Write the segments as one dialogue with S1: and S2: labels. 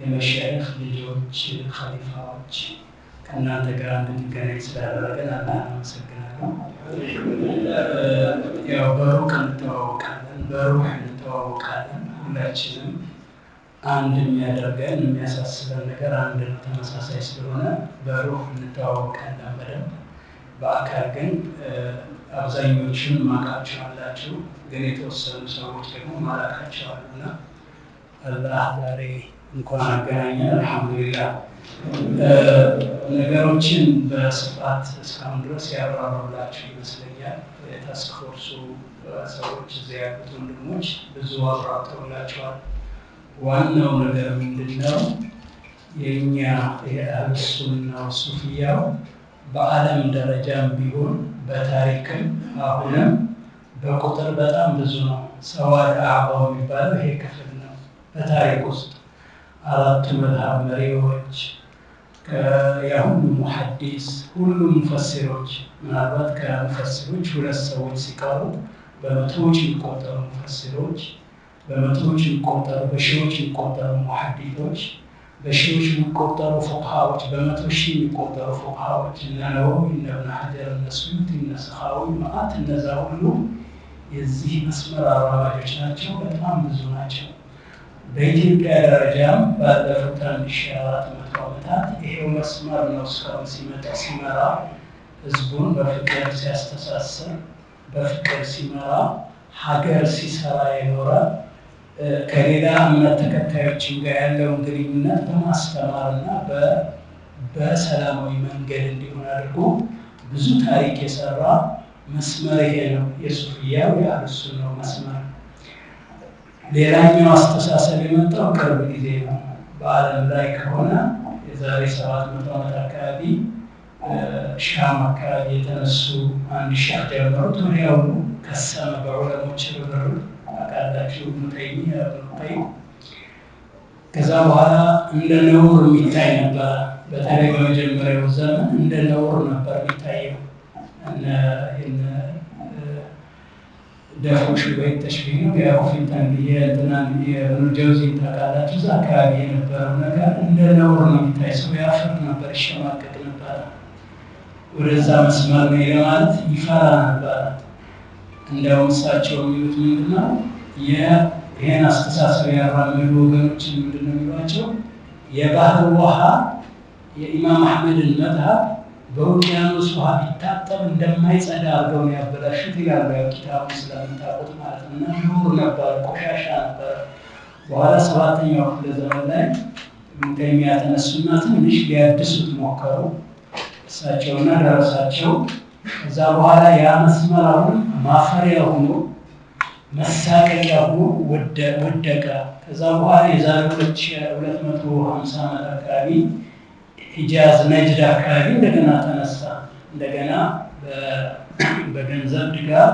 S1: የመሻይህ ልጆች ከሊፋዎች ከእናንተ ጋር እንድንገናኝ ስላደረገን አላ አመሰግናለሁ። ያው በሩቅ እንተዋወቃለን፣ በሩህ እንተዋወቃለን። ሁላችንም አንድ የሚያደርገን የሚያሳስበን ነገር አንድ ነው፣ ተመሳሳይ ስለሆነ በሩህ እንተዋወቃለን በደንብ በአካል ግን አብዛኞቹን ማቃቸው አላችሁ፣ ግን የተወሰኑ ሰዎች ደግሞ ማላቃቸው አሉና አላህ ዛሬ እንኳን አገናኘን። አልሐምዱሊላህ ነገሮችን በስፋት እስካሁን ድረስ ያብራራላችሁ ይመስለኛል። የታስክ ፎርሱ ሰዎች እዚያ ያሉት ወንድሞች ብዙ አብራርተውላችኋል። ዋናው ነገር ምንድን ነው? የእኛ የአህልሱና ሱፍያው በዓለም ደረጃም ቢሆን በታሪክም አሁንም በቁጥር በጣም ብዙ ነው። ሰዋድ አዕባው የሚባለው ይሄ ክፍል ነው በታሪክ ውስጥ أردت مذهب مريوج يهم محدث كل مفسروج من أبد كان مفسروج ولا سوي سكارو بمتوج الكوتر مفسروج بمتوج الكوتر بشوج الكوتر محدثوج بشوج الكوتر فقهاوج بمتوش الكوتر فقهاوج إن أنا هو إن ابن حجر النسويت النسخاوي ما أت النزاولو يزيه مسمار الرواجج ناتشو بتعمل زناتشو በኢትዮጵያ ደረጃም ባለፉት አንድ አራት መቶ ዓመታት ይሄው መስመር ነው እስካሁን ሲመጣ ሲመራ ህዝቡን በፍቅር ሲያስተሳስር በፍቅር ሲመራ ሀገር ሲሰራ የኖረ ከሌላ እምነት ተከታዮችን ጋር ያለውን ግንኙነት በማስተማርና በሰላማዊ መንገድ እንዲሆን አድርጎ ብዙ ታሪክ የሰራ መስመር ይሄ ነው። የሱፍያው የአህሉ ነው መስመር ሌላኛው አስተሳሰብ የመጣው ቅርብ ጊዜ ነው። በዓለም ላይ ከሆነ የዛሬ ሰባት መቶ ዓመት አካባቢ ሻም አካባቢ የተነሱ አንድ ሻህ ጀምሮት ወዲያውኑ ከሰመ በዑለሞች ርብር አቃላቸው ምጠይ ያብሉጠይ ከዛ በኋላ እንደ ነውር የሚታይ ነበር። በተለይ በመጀመሪያው ዘመን እንደ ነውር ነበር የሚታየው ደፉሽ ወይ ተሽፊኑ ቢያውፊታን የእንትናን የኑደውዚን ታውቃላችሁ። እዛ አካባቢ የነበረው ነገር እንደ ነውር ነው የሚታይ። ሰው ያፍር ነበር፣ ይሸማቀቅ ነበረ። ወደዛ መስመር ነው ለማለት ይፈራ ነበረ። እንዲያውም እሳቸው የሚሉት ምንድነው? ይህን አስተሳሰብ ያራመዱ ወገኖችን ምንድነው የሚሏቸው? የባህር ውሃ የኢማም አሕመድን መዝሀብ በውቅያኖስ ውሃ ቢታጠብ እንደማይጸዳ አድርገው ነው ያበላሹት ይላሉ። ያው ኪታቡ ስለምታውቁት ማለት እና ነውር ነበር፣ ቆሻሻ ነበር። በኋላ ሰባተኛው ክፍለ ዘመን ላይ ኢብኑተይሚያ ተነሱና ትንሽ ሊያድሱት ሞከሩ እሳቸውና ደረሳቸው። ከዛ በኋላ ያ መስመር አሁን ማፈሪያ ሆኖ መሳቀቂያ ሆኖ ወደቀ። ከዛ በኋላ የዛሬ ሁለት መቶ ሀምሳ ዓመት አካባቢ ሂጃዝ፣ ነጅድ አካባቢ እንደገና ተነሳ። እንደገና በገንዘብ ድጋፍ፣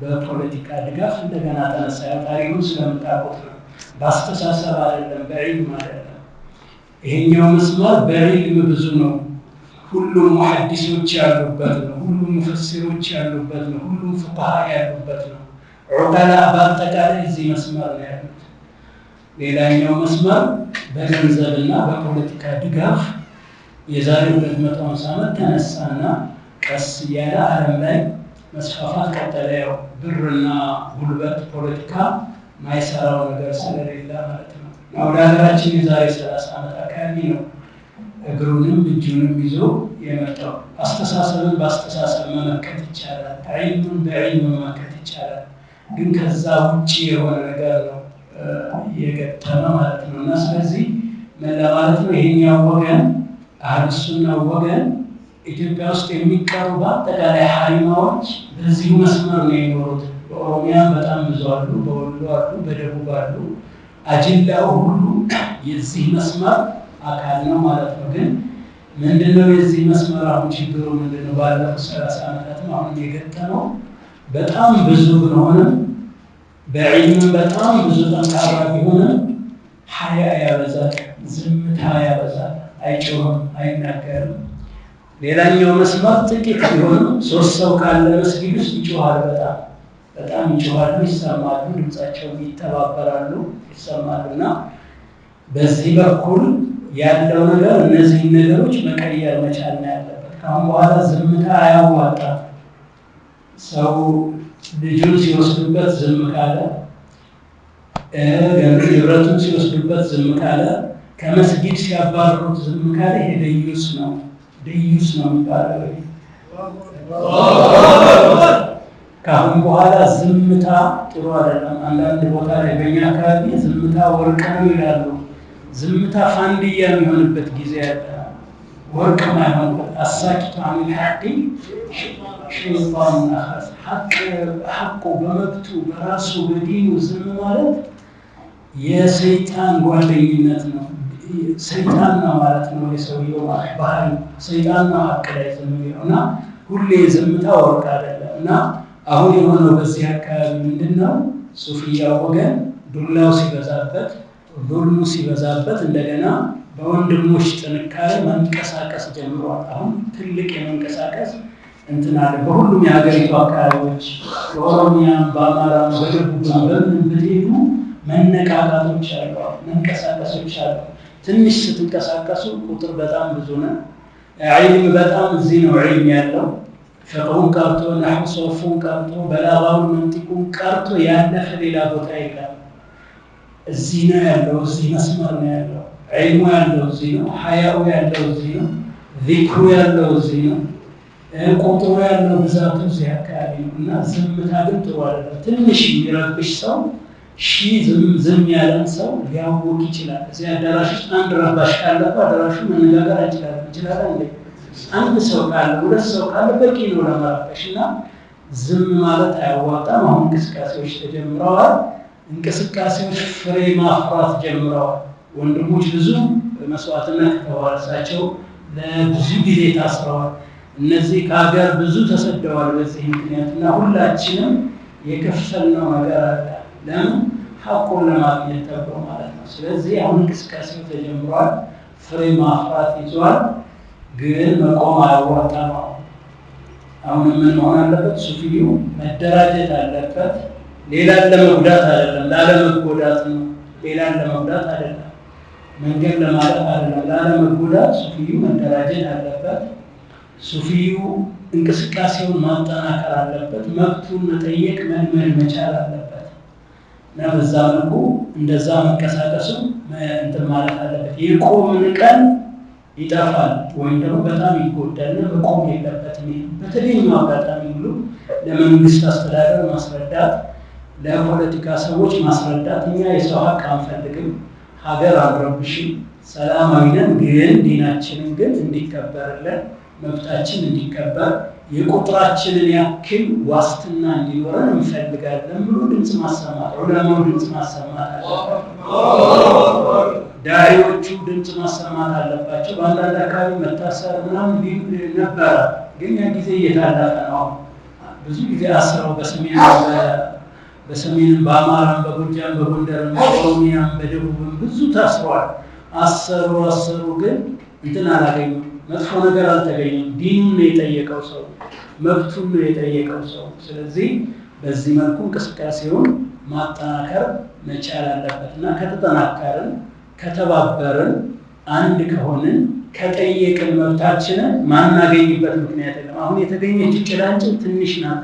S1: በፖለቲካ ድጋፍ እንደገና ተነሳ። ያው ታሪኩን ስለምታውቁት ነው። በአስተሳሰብ አይደለም፣ በዒልም አይደለም። ይሄኛው መስመር በዒልም ብዙ ነው። ሁሉም ሙሐዲሶች ያሉበት ነው። ሁሉም ሙፈሲሮች ያሉበት ነው። ሁሉም ፉቃሃ ያሉበት ነው። ዑቀላ በአጠቃላይ እዚህ መስመር ነው ያሉት። ሌላኛው መስመር በገንዘብና በፖለቲካ ድጋፍ የዛሬ ሁለት መቶ ዓመት ተነሳና ቀስ እያለ ዓለም ላይ መስፋፋት ቀጠለ። ያው ብርና ጉልበት ፖለቲካ ማይሰራው ነገር ስለሌለ ማለት ነው። ወደ ሀገራችን የዛሬ ሰላሳ ዓመት አካባቢ ነው እግሩንም እጁንም ይዞ የመጣው። አስተሳሰብን በአስተሳሰብ መመከት ይቻላል፣ ዒልምን በዒልም መመከት ይቻላል። ግን ከዛ ውጭ የሆነ ነገር ነው የገጠመ ማለት ነው እና ስለዚህ ምን ለማለት ነው ይሄኛው ወገን አህልሱና ወገን ኢትዮጵያ ውስጥ የሚቀሩ በአጠቃላይ ሀሪማዎች በዚህ መስመር ነው የኖሩት። በኦሮሚያ በጣም ብዙ አሉ፣ በወሎ አሉ፣ በደቡብ አሉ። አጀንዳው ሁሉ የዚህ መስመር አካል ነው ማለት ነው። ግን ምንድነው የዚህ መስመር አሁን ችግሩ ምንድነው? ባለፉት ሰላሳ ዓመታትም አሁን የገጠመው በጣም ብዙ ብንሆንም በዒልም በጣም ብዙ ጠንካራ ቢሆንም ሀያ ያበዛል፣ ዝምታ ያበዛል። አይጮህም፣ አይናገርም። ሌላኛው መስማት ጥቂት ቢሆኑ ሶስት ሰው ካለ መስጊድ ውስጥ ይጮኋል። በጣም በጣም ይጮኋሉ፣ ይሰማሉ፣ ድምፃቸውን ይተባበራሉ፣ ይሰማሉ በዚህ በኩል ያለው ነገር እነዚህ ነገሮች መቀየር መቻል ነው ያለበት። ካሁን በኋላ ዝምታ አያዋጣም። ሰው ልጁን ሲወስዱበት ዝም ካለ፣ ንብረቱን ሲወስዱበት ዝም ካለ ከመስጊድ ሲያባረሩት ዝም ካለ ይሄ ደዩስ ነው፣ ደዩስ ነው የሚባለው። ከአሁን በኋላ ዝምታ ጥሩ አይደለም። አንዳንድ ቦታ ላይ በእኛ አካባቢ ዝምታ ወርቅ ነው ይላሉ። ዝምታ ፋንድያ የሚሆንበት ጊዜ ያለ ወርቅ ማይሆንበት አሳኪቱ አሚል ሐቂ ሸይጣን ሐቁ በመብቱ በራሱ በዲኑ ዝም ማለት የሰይጣን ጓደኝነት ነው። ሰይጣን ነው ማለት ነው። የሰውየው ባህሪ ሰይጣን ነው ሀቅ ነው እና ሁሌ ዝምታ ወርቅ አይደለም እና አሁን የሆነው በዚህ አካባቢ ምንድን ነው ሱፍያ ወገን ዱላው ሲበዛበት ዱሉ ሲበዛበት እንደገና በወንድሞች ጥንካሬ መንቀሳቀስ ጀምሯል። አሁን ትልቅ የመንቀሳቀስ እንትን አለ። በሁሉም የሀገሪቱ አካባቢዎች በኦሮሚያም፣ በአማራም፣ በደቡብ በምን ብትሄዱ መነቃቃቶች አሉ፣ መንቀሳቀሶች አሉ። ትንሽ ስትንቀሳቀሱ ቁጥር በጣም ብዙ ነው። ዒልም በጣም እዚህ ነው ዒልም ያለው ፍቅሁን ቀርቶ ናሕው ሶፉን ቀርቶ በላባውን መንጢቁን ቀርቶ ያለፈ ሌላ ቦታ ይቀር እዚህ ነው ያለው። እዚህ መስመር ነው ያለው። ዒልሙ ያለው እዚህ ነው። ሀያው ያለው እዚህ ነው። ዚክሩ ያለው እዚህ ነው። ቁጥሩ ያለው ብዛቱ እዚህ አካባቢ ነው እና ዝምታ ግን ጥሩ አይደለም። ትንሽ የሚረብሽ ሰው ሺ ዝም ያለን ሰው ሊያወቅ ይችላል። እዚህ አዳራሽ ውስጥ አንድ ረባሽ ካለ አዳራሹ መነጋገር አይችላል ይችላል አለ አንድ ሰው ካለ ሁለት ሰው ካለ በቂ ነው ለመራቀሽ እና ዝም ማለት አያዋጣም። አሁን እንቅስቃሴዎች ተጀምረዋል። እንቅስቃሴዎች ፍሬ ማፍራት ጀምረዋል። ወንድሞች ብዙ መስዋዕትነት ተዋረሳቸው ለብዙ ጊዜ ታስረዋል። እነዚህ ከሀገር ብዙ ተሰደዋል በዚህ ምክንያት እና ሁላችንም የከፈልነው ነገር አለ ለምን ሀቁን ለማግኘት ተብሎ ማለት ነው። ስለዚህ አሁን እንቅስቃሴው ተጀምሯል፣ ፍሬ ማፍራት ይዟል። ግን መቆም አያዋጣ ነው። አሁን ምን መሆን አለበት? ሱፊዩ መደራጀት አለበት። ሌላን ለመጉዳት አይደለም፣ ላለመጎዳት ነው። ሌላን ለመጉዳት አይደለም፣ መንገድ ለማለት አይደለም፣ ላለመጎዳት ሱፊዩ መደራጀት አለበት። ሱፊዩ እንቅስቃሴውን ማጠናከር አለበት። መብቱን መጠየቅ መልመድ መቻል አለበት። እና በዛ መልኩ እንደዛ መንቀሳቀሱ እንትን ማለት አለበት። የቆምን ቀን ይጠፋል ወይም ደግሞ በጣም ይጎዳልና መቆም የለበትም። በተለይም አጋጣሚ ሁሉ ለመንግስት አስተዳደር ማስረዳት፣ ለፖለቲካ ሰዎች ማስረዳት እኛ የሰው ሀቅ አንፈልግም፣ ሀገር አልረብሽም፣ ሰላማዊ ነን፣ ግን ዲናችንን ግን እንዲከበርልን መብታችን እንዲከበር የቁጥራችንን ያክል ዋስትና እንዲኖረን እንፈልጋለን ብሎ ድምፅ ማሰማት ዑለማው ድምፅ ማሰማት አለባቸው። ዳሪዎቹ ድምፅ ማሰማት አለባቸው። በአንዳንድ አካባቢ መታሰር ምናምን ነበረ፣ ግን ያ ጊዜ እየታለፈ ነው። ብዙ ጊዜ አስረው በሰሜን በሰሜንም በአማራም በጎጃም በጎንደርም በኦሮሚያም በደቡብም ብዙ ታስሯል። አሰሩ አሰሩ፣ ግን እንትን አላገኙም መጥፎ ነገር አልተገኘም። ዲን ነው የጠየቀው ሰው፣ መብቱን ነው የጠየቀው ሰው። ስለዚህ በዚህ መልኩ እንቅስቃሴውን ማጠናከር መቻል አለበት እና ከተጠናከርን፣ ከተባበርን፣ አንድ ከሆንን፣ ከጠየቅን መብታችንን ማናገኝበት ምክንያት የለም። አሁን የተገኘች ጭላንጭል ትንሽ ናት።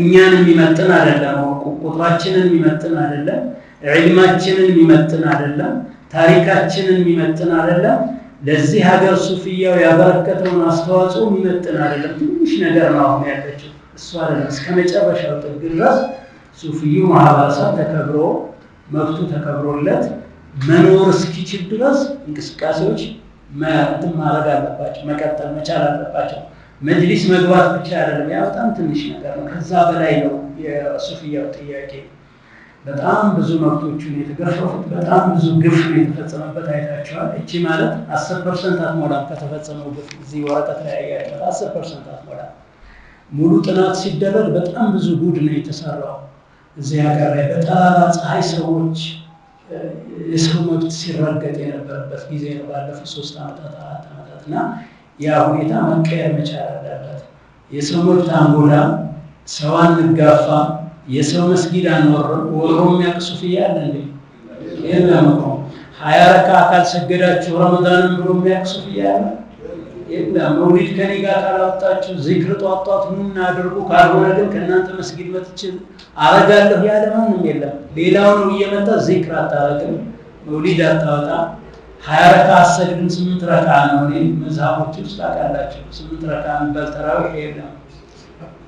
S1: እኛን የሚመጥን አይደለም። ቁጥራችንን የሚመጥን አይደለም። ዒልማችንን የሚመጥን አይደለም። ታሪካችንን የሚመጥን አይደለም። ለዚህ ሀገር ሱፍያው ያበረከተውን አስተዋጽኦ የሚመጥን አይደለም። ትንሽ ነገር ነው አሁን ያለችው እሱ አይደለም። እስከ መጨረሻው ጥግ ድረስ ሱፍዩ ማህበረሰብ ተከብሮ መብቱ ተከብሮለት መኖር እስኪችል ድረስ እንቅስቃሴዎች እንትን ማድረግ አለባቸው፣ መቀጠል መቻል አለባቸው። መጅሊስ መግባት ብቻ አይደለም። ያ በጣም ትንሽ ነገር ነው። ከዛ በላይ ነው የሱፍያው ጥያቄ። በጣም ብዙ መብቶቹን የተገፈፉት በጣም ብዙ ግፍ የተፈጸመበት አይታቸዋል። እቺ ማለት አስር ፐርሰንት አትሞላም ከተፈጸመው ግፍ እዚህ ወረቀት ላይ ያለ አስር ፐርሰንት አትሞላም። ሙሉ ጥናት ሲደረግ በጣም ብዙ ጉድ ነው የተሰራው እዚህ ሀገር ላይ በጣም ፀሐይ ሰዎች የሰው መብት ሲረገጥ የነበረበት ጊዜ ነው ባለፉት ሶስት ዓመታት አራት ዓመታት እና ያ ሁኔታ መቀየር መቻል አለበት። የሰው መብት አንጎላ ሰው አንጋፋ የሰው መስጊድ አኖር ወሮም ያቅሱፍ እያለ እንዴ የለም እኮ ሀያ ረካ አካል ሰገዳችሁ ረመዳንም ብሎ የሚያቅሱፍ እያለ የለም። መውሊድ ከኔ ጋር ካላወጣችሁ ዚክር ጧጧት ምን አድርጉ፣ ካልሆነ ግን ከእናንተ መስጊድ መትችል አረጋለሁ ያለ ማንም የለም። ሌላውን እየመጣ ዚክር አታረቅም፣ መውሊድ አታወጣ፣ ሀያ ረካ አሰግድን ስምንት ረካ ነው። እኔ መዝሀቦች ውስጥ አቃላቸው ስምንት ረካ የሚባል ተራዊ የለም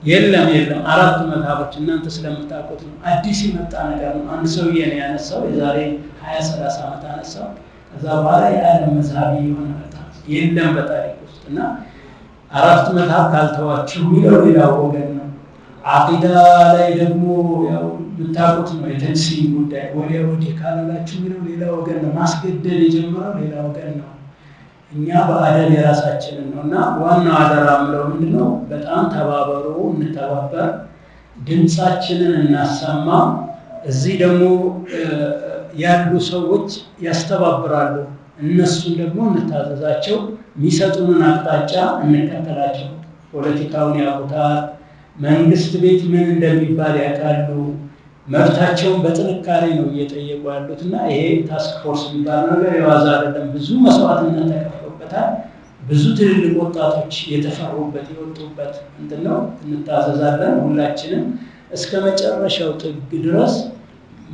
S1: የለም የለም፣ አራቱ መዝሀቦች እናንተ ስለምታውቁት ነው። አዲስ የመጣ ነገር ነው። አንድ ሰውዬ ነው ያነሳው። የዛሬ ሀያ ሰላሳ ዓመት አነሳው። ከዛ በኋላ የዓለም መዝሀብ የሆነ መጣ የለም በታሪክ ውስጥ እና አራቱ መዝሀብ ካልተዋችሁ የሚለው ሌላ ወገን ነው። አቂዳ ላይ ደግሞ ያው የምታውቁት ነው። የተንሲ ጉዳይ ወዲያ ወዲህ ካላላችሁ የሚለው ሌላ ወገን ነው። ማስገደል የጀመረው ሌላ ወገን ነው። እኛ በአደብ የራሳችንን ነው እና ዋናው አደራ ምለው ምንድነው? በጣም ተባበሩ፣ እንተባበር፣ ድምፃችንን እናሰማ። እዚህ ደግሞ ያሉ ሰዎች ያስተባብራሉ። እነሱን ደግሞ እንታዘዛቸው፣ የሚሰጡንን አቅጣጫ እንከተላቸው። ፖለቲካውን ያውቁታል። መንግስት ቤት ምን እንደሚባል ያውቃሉ። መብታቸውን በጥንካሬ ነው እየጠየቁ ያሉት እና ይሄ ታስክ ፎርስ የሚባል ነገር የዋዛ አይደለም። ብዙ መስዋዕትነት ተከፍ ከፍታ ብዙ ትልልቅ ወጣቶች የተፈሩበት የወጡበት እንትን ነው። እንታዘዛለን ሁላችንም እስከ መጨረሻው ጥግ ድረስ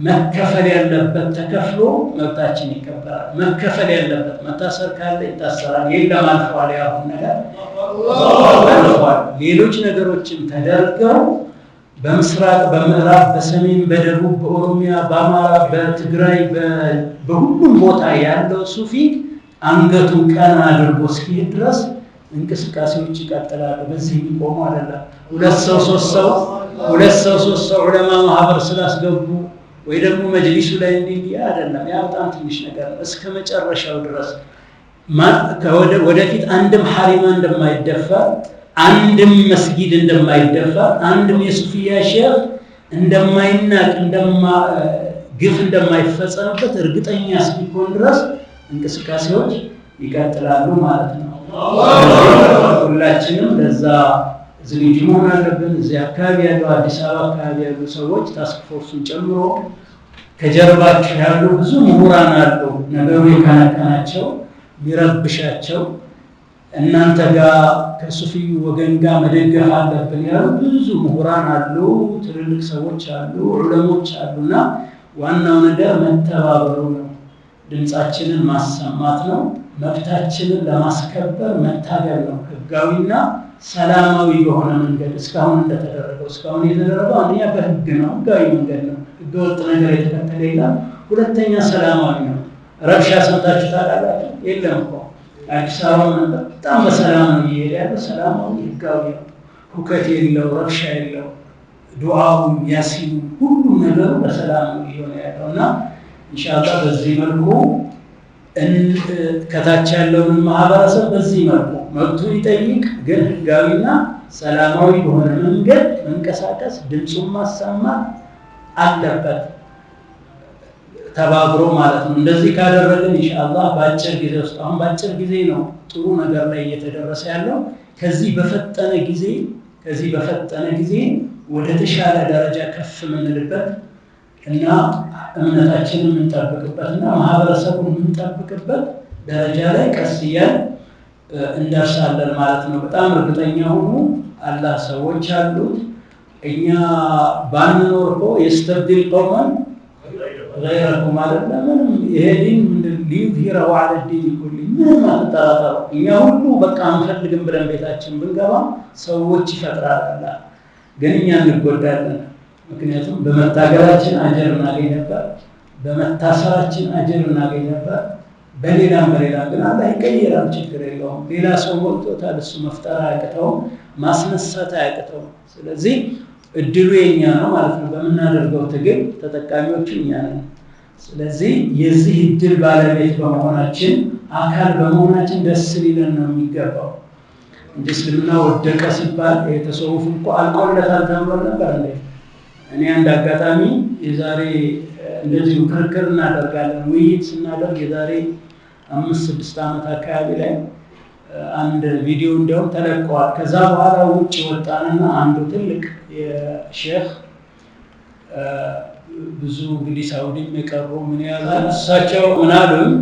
S1: መከፈል ያለበት ተከፍሎ መብታችን ይከበራል። መከፈል ያለበት መታሰር ካለ ይታሰራል። የለም አልፈዋል። ያሁን ነገር አልፈዋል። ሌሎች ነገሮችም ተደርገው በምስራቅ በምዕራብ በሰሜን በደቡብ በኦሮሚያ በአማራ በትግራይ በሁሉም ቦታ ያለው ሱፊ አንገቱን ቀና አድርጎ እስኪሄድ ድረስ እንቅስቃሴዎች ይቀጥላሉ። በዚህ የሚቆሙ አይደለም። ሁለት ሰው ሶስት ሰው ሁለት ሰው ሶስት ሰው ዑለማ ማህበር ስላስገቡ ወይ ደግሞ መጅሊሱ ላይ እንዲህ አይደለም። ያ በጣም ትንሽ ነገር ነው። እስከ መጨረሻው ድረስ ወደፊት አንድም ሐሪማ እንደማይደፋ፣ አንድም መስጊድ እንደማይደፋ፣ አንድም የሱፊያ ሼህ እንደማይናቅ ግፍ እንደማይፈጸምበት እርግጠኛ እስኪሆን ድረስ እንቅስቃሴዎች ይቀጥላሉ ማለት ነው። ሁላችንም ለዛ ዝግጁ መሆን አለብን። እዚህ አካባቢ ያሉ አዲስ አበባ አካባቢ ያሉ ሰዎች ታስክ ፎርሱን ጨምሮ ከጀርባቸው ያሉ ብዙ ምሁራን አሉ። ነገሩ የካነካናቸው ሚረብሻቸው እናንተ ጋር ከሱፊዩ ወገን ጋር መደገፍ አለብን ያሉ ብዙ ምሁራን አሉ፣ ትልልቅ ሰዎች አሉ፣ ዑለሞች እና ዋናው ነገር መተባበሩ ነው። ድምፃችንን ማሰማት ነው። መብታችንን ለማስከበር መታገል ነው። ህጋዊና ሰላማዊ በሆነ መንገድ እስካሁን እንደተደረገው እስካሁን የተደረገው አንደኛ በህግ ነው፣ ህጋዊ መንገድ ነው። ህገወጥ ነገር የተከተለ ይላል። ሁለተኛ ሰላማዊ ነው። ረብሻ ሰምታችሁ ታውቃላችሁ? የለም እኮ አዲስ አበባ በጣም በሰላም ነው እየሄደ ያለ። ሰላማዊ ህጋዊ ነው። ሁከት የለው፣ ረብሻ የለው። ዱዓውም ያሲኑ ሁሉም ነገሩ በሰላም ነው እየሆነ ያለው እና እንሻላ በዚህ መልኩ ከታች ያለውን ማህበረሰብ በዚህ መልኩ መብቱ ይጠይቅ፣ ግን ህጋዊና ሰላማዊ በሆነ መንገድ መንቀሳቀስ ድምፁን ማሰማት አለበት፣ ተባብሮ ማለት ነው። እንደዚህ ካደረግን እንሻላ በአጭር ጊዜ ውስጥ አሁን በአጭር ጊዜ ነው ጥሩ ነገር ላይ እየተደረሰ ያለው። ከዚህ በፈጠነ ጊዜ ከዚህ በፈጠነ ጊዜ ወደ ተሻለ ደረጃ ከፍ የምንልበት እና እምነታችንን የምንጠብቅበት እና ማህበረሰቡን የምንጠብቅበት ደረጃ ላይ ቀስ እያል እንደርሳለን ማለት ነው። በጣም እርግጠኛ ሆኑ አላህ ሰዎች አሉት። እኛ ባንኖር እኮ የስተብድል ቆመን ገይረኩም ማለት ለምንም ይሄ ዲን ሊዩሂረው አለ ዲን ይኩል ምንም አትጠራጠሩ። እኛ ሁሉ በቃ አንፈልግም ብለን ቤታችን ብንገባ ሰዎች ይፈጥራል አላህ ግን እኛ እንጎዳለን። ምክንያቱም በመታገላችን አጀር እናገኝ ነበር፣ በመታሰራችን አጀር እናገኝ ነበር። በሌላም በሌላ ግን አላህ ይቀይራል፣ ችግር የለውም። ሌላ ሰው ወጥቶታል፣ እሱ መፍጠር አያቅተውም፣ ማስነሳት አያቅተውም። ስለዚህ እድሉ የኛ ነው ማለት ነው። በምናደርገው ትግል ተጠቃሚዎቹ እኛ ነን። ስለዚህ የዚህ እድል ባለቤት በመሆናችን አካል በመሆናችን ደስ ሊለን ነው የሚገባው እንጂ እስልምና ወደቀ ሲባል የተሰውፍ እኮ አልቆለታል ተምሮ ነበር እንዴ? እኔ አንድ አጋጣሚ የዛሬ እንደዚሁ ክርክር እናደርጋለን ውይይት ስናደርግ የዛሬ አምስት ስድስት ዓመት አካባቢ ላይ አንድ ቪዲዮ እንዲያውም ተለቀዋል። ከዛ በኋላ ውጭ ወጣንና አንዱ ትልቅ የሼህ ብዙ እንግዲህ ሳውዲ የቀሩ ምን ያዛል እሳቸው ምናሉም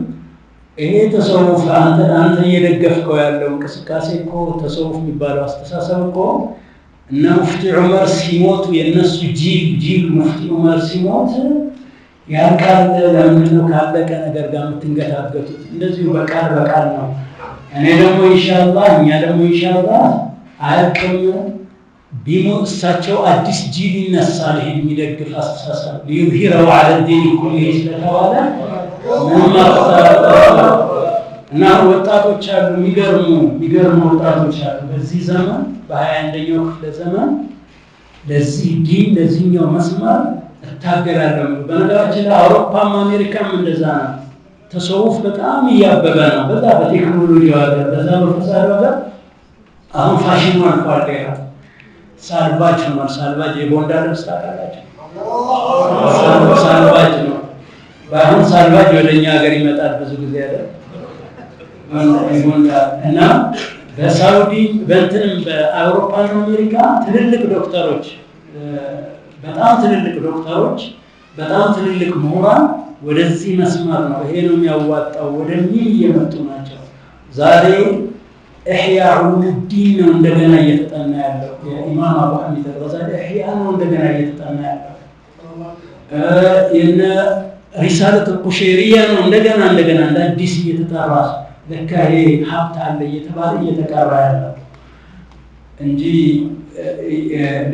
S1: ይሄ ተሰውፍ አንተ እየደገፍከው ያለው እንቅስቃሴ እኮ ተሰውፍ የሚባለው አስተሳሰብ እኮ እና ሙፍቲ ዑመር ሲሞቱ የእነሱ ጂል ጂል ሙፍቲ ዑመር ሲሞት ያልቃለ ለምንድን ነው ካለቀ ነገር ጋር የምትንገታገቱት? እንደዚሁ በቃል በቃል ነው። እኔ ደግሞ ኢንሻላ እኛ ደግሞ ኢንሻላ አያቅም ቢሞ እሳቸው አዲስ ጂል ይነሳል። ይሄን የሚደግፍ አስተሳሰብ ሊዩሂረው አለ ዲን ኩሊሂ ስለተባለ ምንም እና ወጣቶች አሉ፣ የሚገርሙ የሚገርሙ ወጣቶች አሉ። በዚህ ዘመን በሀያ አንደኛው ክፍለ ዘመን ለዚህ ዲን ለዚህኛው መስመር እታገላለሁ። በነገራችን ላይ አውሮፓም አሜሪካም እንደዛ ነው። ተሰውፍ በጣም እያበበ ነው። በዛ በቴክኖሎጂ ዋገ በዛ በፈሳድ ዋገ አሁን ፋሽኑ አልፏል። ሌላ ሳልባጅ ሆኗል። ሳልባጅ የቦንዳ ልብስ ታውቃላችሁ? ሳልባጅ ነው። በአሁን ሳልባጅ ወደ እኛ ሀገር ይመጣል ብዙ ጊዜ ያለ እና በሳውዲ በእንትንም በአውሮፓ ነው አሜሪካ ትልልቅ ዶክተሮች በጣም ትልልቅ ዶክተሮች በጣም ትልልቅ ምሁራን ወደዚህ መስመር ነው ይሄ ነው የሚያዋጣው ወደሚል እየመጡ ናቸው። ዛሬ እሕያኡዲን ነው እንደገና እየተጠና ያለው የኢማም አቡ ሐሚድ አልገዛሊ እሕያ ነው እንደገና እየተጠና ያለው የነ ሪሳለት ቁሼሪያ ነው እንደገና እንደገና እንደ አዲስ እየተጠራ ለካ ይሄ ሀብት አለ እየተባለ እየተቀረ ያለው እንጂ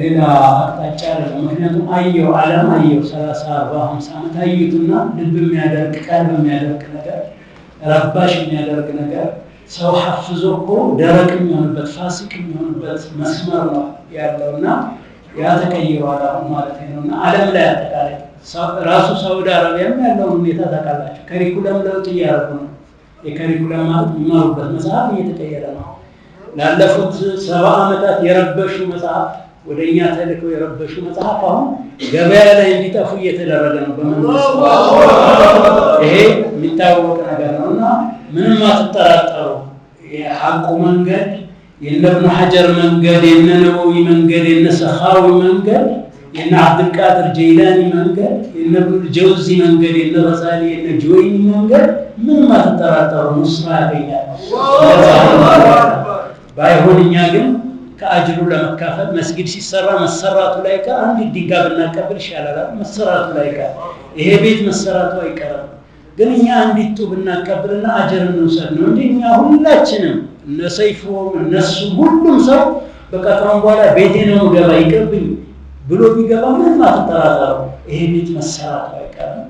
S1: ሌላ አቅጣጫ አለ። ምክንያቱም አየው ዓለም አየው ሰላሳ አርባ ሀምሳ ዓመት አዩትና ልብ የሚያደርግ ቀልብ የሚያደርግ ነገር ረባሽ የሚያደርግ ነገር ሰው ሐፍዞ እኮ ደረቅ የሚሆንበት ፋሲቅ የሚሆንበት መስመር ነው ያለው እና ያ ተቀይሯል አሁን ማለት ነው እና ዓለም ላይ አጠቃላይ ራሱ ሳውዲ አረቢያም ያለውን ሁኔታ ታውቃላቸው። ከሪኩለም ለውጥ እያደረጉ ነው የከሪኩለም የሚማሩበት መጽሐፍ እየተቀየረ ነው። ላለፉት ሰባ ዓመታት የረበሹ መጽሐፍ ወደ እኛ ተልከው የረበሹ መጽሐፍ አሁን ገበያ ላይ እንዲጠፉ እየተደረገ ነው በመንግስት። ይሄ የሚታወቅ ነገር ነው እና ምንም አትጠራጠሩ። የሐቁ መንገድ የነ ኢብኑ ሐጀር መንገድ፣ የነ ነወዊ መንገድ፣ የነ ሰኻዊ መንገድ የነ አብዱልቃድር ጀይላኒ መንገድ፣ የነ ጀውዚ መንገድ፣ የነ ረዛሊ፣ የነ ጆይኒ መንገድ ምን ማትጠራጠሩ ሙስማ ያገኛል። ባይሆን እኛ ግን ከአጅሩ ለመካፈል መስጊድ ሲሰራ መሰራቱ ላይ ቀር አንድ ዲጋ ብናቀብል ይሻላል። መሰራቱ ላይ ቀር ይሄ ቤት መሰራቱ አይቀርም። ግን እኛ አንዲት ጡብ አጀር እንውሰድ ነው እንጂ እኛ ሁላችንም እነ ሰይፎም እነሱ ሁሉም ሰው በቀጥሮም በኋላ ቤቴ ነው ገባ ይቅርብኝ ብሎ ቢገባ ምንም አትጠራጠረው፣ ይሄ ቤት መሰራቱ አይቀርም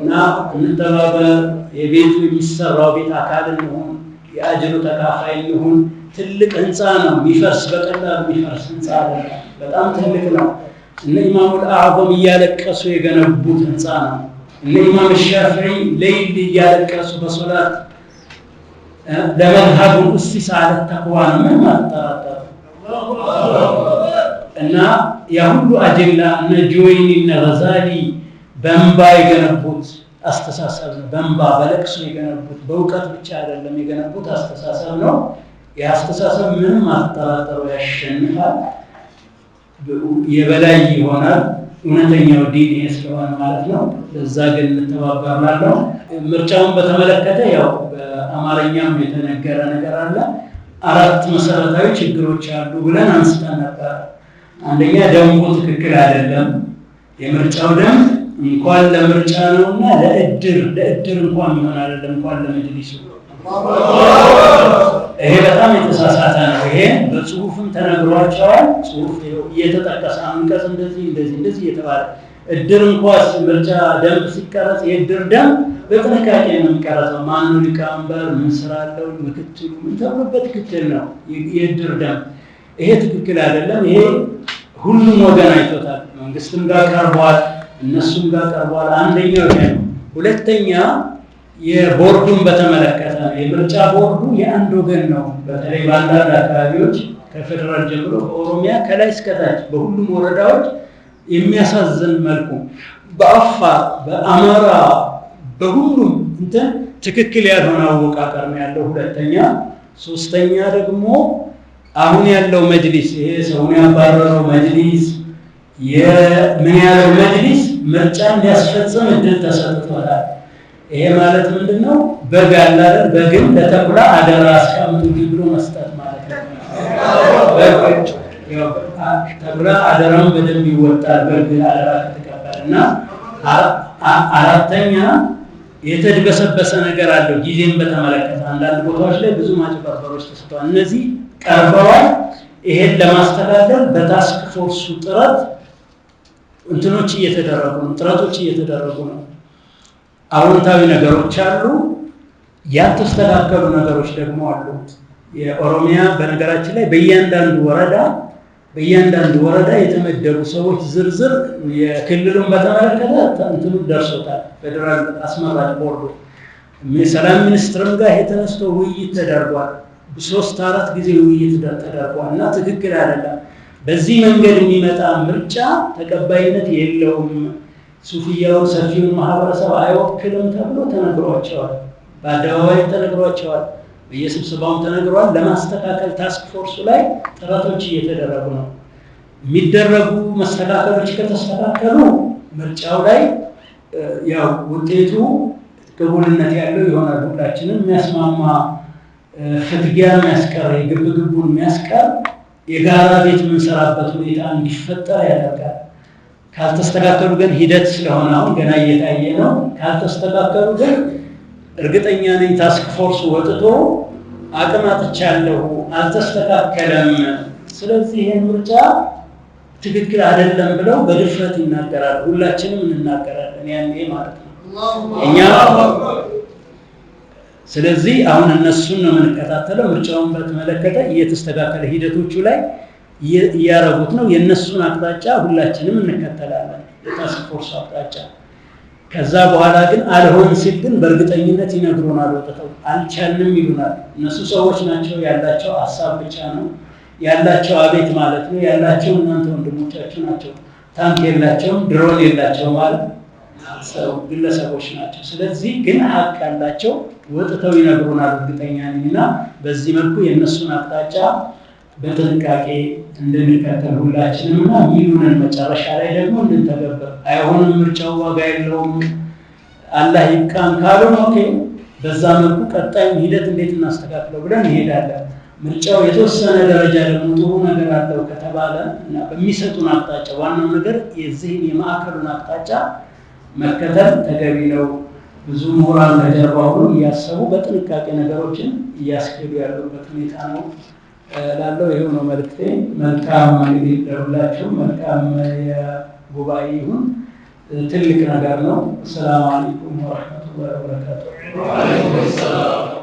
S1: እና እንተባበር። የቤቱ የሚሰራው ቤት አካል እንሁን፣ የአጅሩ ተካፋይ እንሁን። ትልቅ ህንፃ ነው፣ የሚፈርስ በቀላሉ የሚፈርስ ህንፃ አይደለም። በጣም ትልቅ ነው። እነ ኢማሙል አዕዘም እያለቀሱ የገነቡት ህንፃ ነው። እነ ኢማም ሻፊዒ ሌይል እያለቀሱ በሶላት ለመዝሀቡ እስቲ ሰዓለት ተቅዋ ነው። ምንም አትጠራጠሩ እና ያ ሁሉ አጀላ እነ ጆይኒ እነ ገዛሊ በእንባ የገነቡት አስተሳሰብ ነው። በእንባ በለቅሶ የገነቡት በእውቀት ብቻ አይደለም የገነቡት አስተሳሰብ ነው። የአስተሳሰብ ምንም አጠራጠሩ ያሸንፋል፣ የበላይ ይሆናል። እውነተኛው ዲን ይሄ ስለሆነ ማለት ነው። ለዛ ግን እንተባበራለን። ምርጫውን በተመለከተ ያው በአማርኛም የተነገረ ነገር አለ። አራት መሰረታዊ ችግሮች አሉ ብለን አንስተን ነበር። አንደኛ ደንቡ ትክክል አይደለም። የምርጫው ደንብ እንኳን ለምርጫ ነውና ለእድር ለእድር እንኳን የሚሆን አይደለም፣ እንኳን ለመጅሊሱ። ይሄ በጣም የተሳሳተ ነው። ይሄ በጽሁፍም ተነግሯቸዋል። ጽሁፍ እየተጠቀሰ አንቀጽ እንደዚህ እንደዚህ እንደዚህ እየተባለ እድር እንኳን ምርጫ ደንብ ሲቀረጽ የእድር ደንብ በጥንቃቄ ነው የሚቀረጸው። ማኑ ሊቀመንበር ምን ስራ አለው ምክትሉ ምን ተብሎ በትክክል ነው የእድር ደንብ። ይሄ ትክክል አይደለም። ይሄ ሁሉም ወገን አይቶታል። መንግስትም ጋር ቀርቧል፣ እነሱም ጋር ቀርቧል። አንደኛው ይሄ ነው። ሁለተኛ የቦርዱን በተመለከተ ነው። የምርጫ ቦርዱ የአንድ ወገን ነው። በተለይ በአንዳንድ አካባቢዎች ከፌደራል ጀምሮ በኦሮሚያ ከላይ እስከታች በሁሉም ወረዳዎች የሚያሳዝን መልኩ በአፋር በአማራ በሁሉም እንትን ትክክል ያልሆነ አወቃቀር ነው ያለው። ሁለተኛ ሶስተኛ ደግሞ አሁን ያለው መጅሊስ ይሄ ሰውን ያባረረው መጅሊስ የምን ያለው መጅሊስ ምርጫ ሊያስፈጽም እድል ተሰጥቶታል። ይሄ ማለት ምንድን ነው? በግ አለ በግን ለተኩላ አደራ አስቀምጥ ብሎ መስጠት ማለት ነው። ተኩላ አደራውን በደንብ ይወጣል በግ አደራ ከተቀበለ እና አራተኛ የተድበሰበሰ ነገር አለው ጊዜን በተመለከተ አንዳንድ ቦታዎች ላይ ብዙ ማጭበርበሮች ተስተዋል። እነዚህ ቀርበዋል። ይሄን ለማስተዳደር በታስክ ፎርሱ ጥረት እንትኖች እየተደረጉ ነው፣ ጥረቶች እየተደረጉ ነው። አዎንታዊ ነገሮች አሉ፣ ያልተስተካከሉ ነገሮች ደግሞ አሉ። የኦሮሚያ በነገራችን ላይ በእያንዳንዱ ወረዳ በእያንዳንዱ ወረዳ የተመደቡ ሰዎች ዝርዝር የክልሉን በተመለከተ እንትኑ ደርሶታል። ፌደራል አስመራጭ ቦርዶ ሰላም ሚኒስትርም ጋር የተነስቶ ውይይት ተደርጓል። ሶስት አራት ጊዜ ውይይት ተደርጓል እና ትክክል አይደለም። በዚህ መንገድ የሚመጣ ምርጫ ተቀባይነት የለውም፣ ሱፍያውን ሰፊውን ማህበረሰብ አይወክልም ተብሎ ተነግሯቸዋል። በአደባባይ ተነግሯቸዋል። በየስብሰባውም ተነግሯል። ለማስተካከል ታስክ ፎርሱ ላይ ጥረቶች እየተደረጉ ነው። የሚደረጉ መስተካከሎች ከተስተካከሉ ምርጫው ላይ ያው ውጤቱ ቅቡልነት ያለው ይሆናል። ሁላችንም የሚያስማማ ፍትጊያ የሚያስቀር የግብ ግቡን የሚያስቀር የጋራ ቤት የምንሰራበት ሁኔታ እንዲፈጠር ያደርጋል። ካልተስተካከሉ ግን ሂደት ስለሆነ አሁን ገና እየታየ ነው። ካልተስተካከሉ ግን እርግጠኛ ነኝ ታስክ ፎርስ ወጥቶ አቅም አጥቻለሁ፣ አልተስተካከለም፣ ስለዚህ ይህን ምርጫ ትክክል አይደለም ብለው በድፍረት ይናገራሉ። ሁላችንም እንናገራለን ያኔ ማለት ነው እኛ ስለዚህ አሁን እነሱን ነው የምንከታተለው። ምርጫውን በተመለከተ እየተስተካከለ ሂደቶቹ ላይ እያረጉት ነው። የእነሱን አቅጣጫ ሁላችንም እንከተላለን፣ የታስክ አቅጣጫ። ከዛ በኋላ ግን አልሆን ሲል ግን በእርግጠኝነት ይነግሩናል፣ ወጥተው አልቻልንም ይሉናል። እነሱ ሰዎች ናቸው። ያላቸው ሀሳብ ብቻ ነው ያላቸው፣ አቤት ማለት ነው ያላቸው። እናንተ ወንድሞቻችሁ ናቸው። ታንክ የላቸውም፣ ድሮን የላቸው ማለት የታሰሩ ግለሰቦች ናቸው። ስለዚህ ግን ሀቅ ያላቸው ወጥተው ይነግሩናል እርግጠኛ ነኝና በዚህ መልኩ የእነሱን አቅጣጫ በጥንቃቄ እንድንከተል ሁላችንምና ሚሉንን መጨረሻ ላይ ደግሞ እንድንተገበር አይሆንም፣ ምርጫው ዋጋ የለውም፣ አላህ ይብቃን ካሉ ኦኬ፣ በዛ መልኩ ቀጣይ ሂደት እንዴት እናስተካክለው ብለን እንሄዳለን። ምርጫው የተወሰነ ደረጃ ደግሞ ጥሩ ነገር አለው ከተባለ እና በሚሰጡን አቅጣጫ ዋናው ነገር የዚህን የማዕከሉን አቅጣጫ መከተል ተገቢ ነው። ብዙ ምሁራን ከጀርባ ሁሉ እያሰቡ በጥንቃቄ ነገሮችን እያስኬዱ ያሉበት ሁኔታ ነው ላለው ይሄው ነው መልክቴ። መልካም እንግዲህ ለሁላችሁም መልካም የጉባኤ ይሁን። ትልቅ ነገር ነው። ሰላም አለይኩም ወረሕመቱላሂ ወበረካቱ። ሰላም